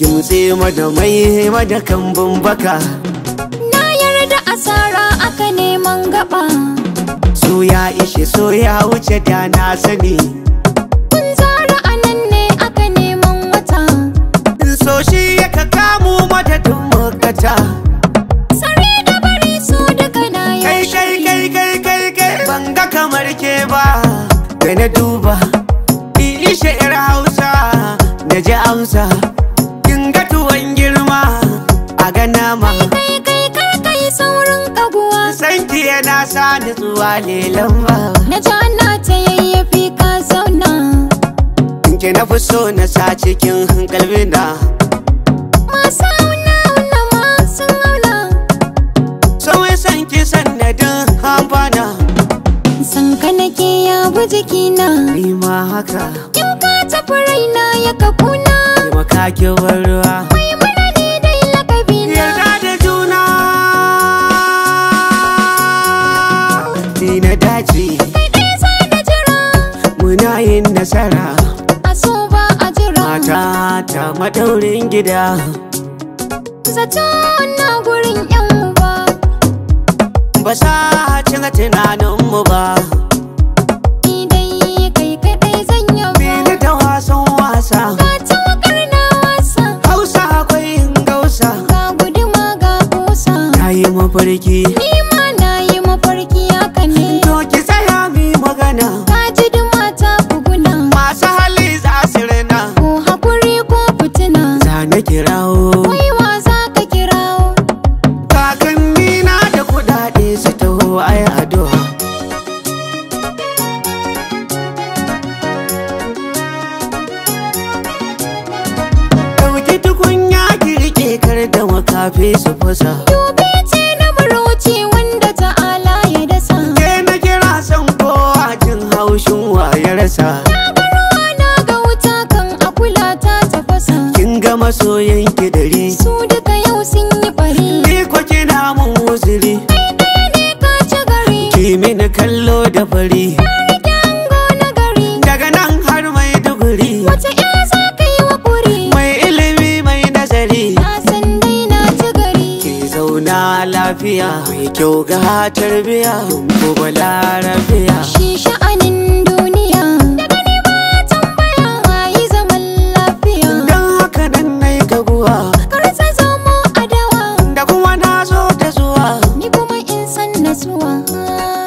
Dutse mada mai mada kambun baka Na yarda asara aka neman gaba Su ya ishe so ya wuce da na sani na zuwa lelan ba na ji ana ta yayyafi ka zauna ke na fi so na sa cikin hankalmi na masu auna auna masu auna sauyi san ki sannadin hamfana san ka nake ya bu jikina ni haka in ka tafi raina ya kakuna makakin yin nasara a so ba a jira mata ta madaurin gida zato na gurin yan uba ba sa cin tunanin mu ba Hausa akwai gausa guduma ga Na yi Ni ka kirawo Waiwa za ka kirawo Kakanni da kudade su taho ai addu'a Dauki tukunya ki kar da makafi su fasa maso ki dare su duka yau sun yi bari ni ko kina mun wuzuri kai kai ne ka ci gari ki mini kallo da fari nagari. daga nan har mai duguri wace iya ka yi wa kuri mai ilimi mai nazari na san dai na ci gari ki zauna lafiya mai kyau ga tarbiya ko balarabiya shi 在昨晚。